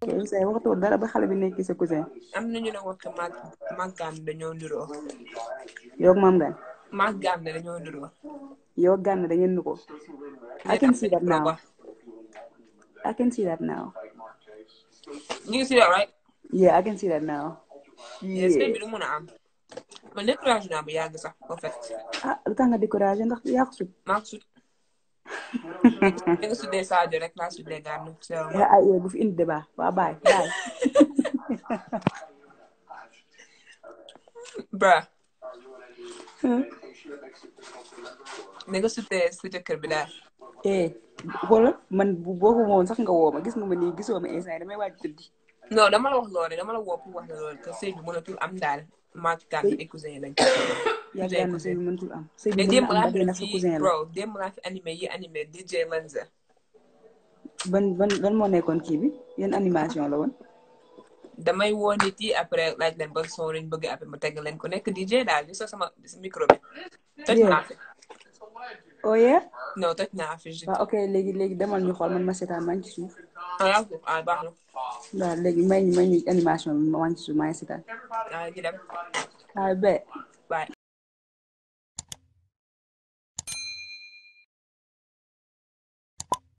cousin waxtu dara ba xale bi nekk sa cousin. am nañu ne wax mag mag Gane dañoo niroo. yow ak maam Gane. mag Gane dañoo niroo. yow ak Gane da ngeen nu ko. I can see that now. I can see that now. You can see that, right? Yeah, I can see that now. Yeah. sëñ bi du mun a am. man découragé naa bu yàgg sax en ah, sut. nga suddee Sadio rek laa suddee gànn. ay yooyu bu fi indi débat waa baay baay. ba. ni nga suddee sa jëkkër bi daal. eh xoolal man boo ko woon sax nga woo ma gis nga ma nii gisoo ma instant damay waaj tëddi. non dama la wax loolu dama la woo pour wax la loolu que sëy bi am daal maa ngi tànn écousin lañ. yaakaar naa sëy bi mëntul am sëy bi mënul am ba na sa cousin la bro démb laa ban ban ban moo nekkoon kii bi yan animation la woon damay woo nit yi après laaj leen ba son lañ bëgg après ma teg leen ku nekk DJ daal ñu soo sama micro bi toj naa fi oh yeah non toj naa fi ok léegi léegi demal ñu xool man ma seetaan maa ci suuf ah, ah baax na léegi may ñu ñu animation bi ma wàññi seetaan ah